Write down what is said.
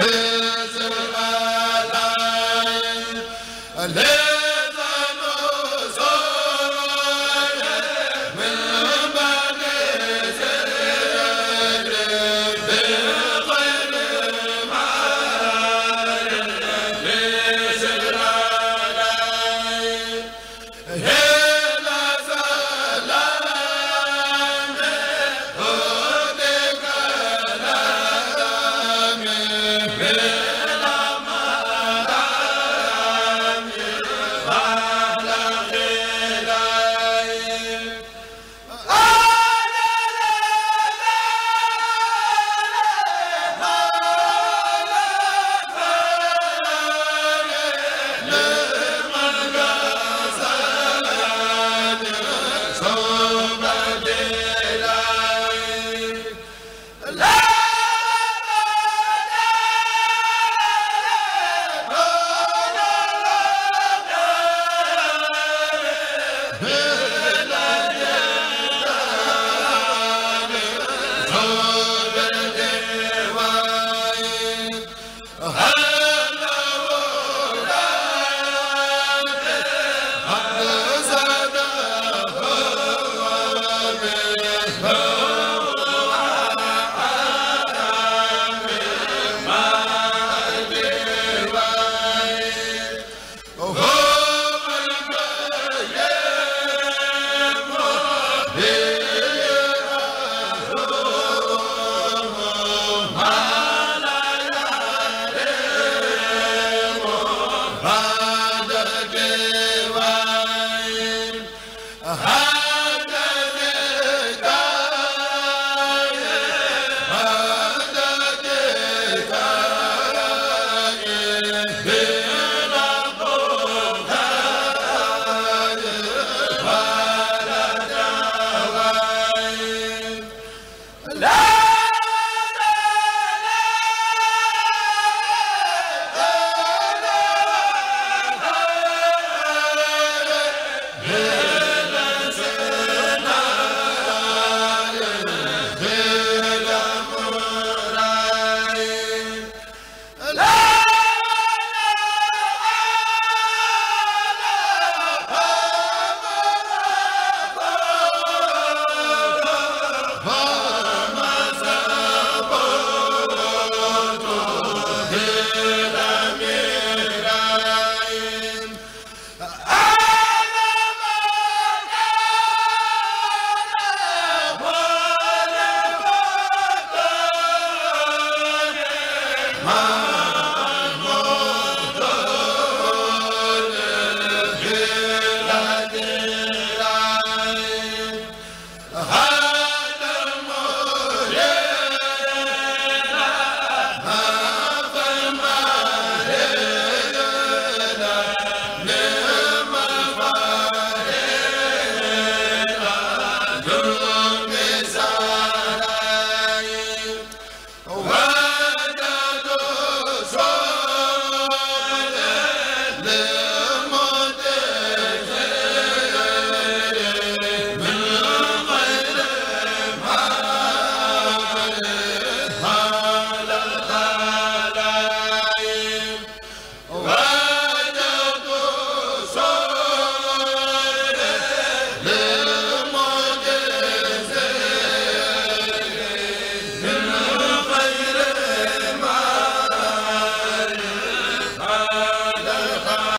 Hey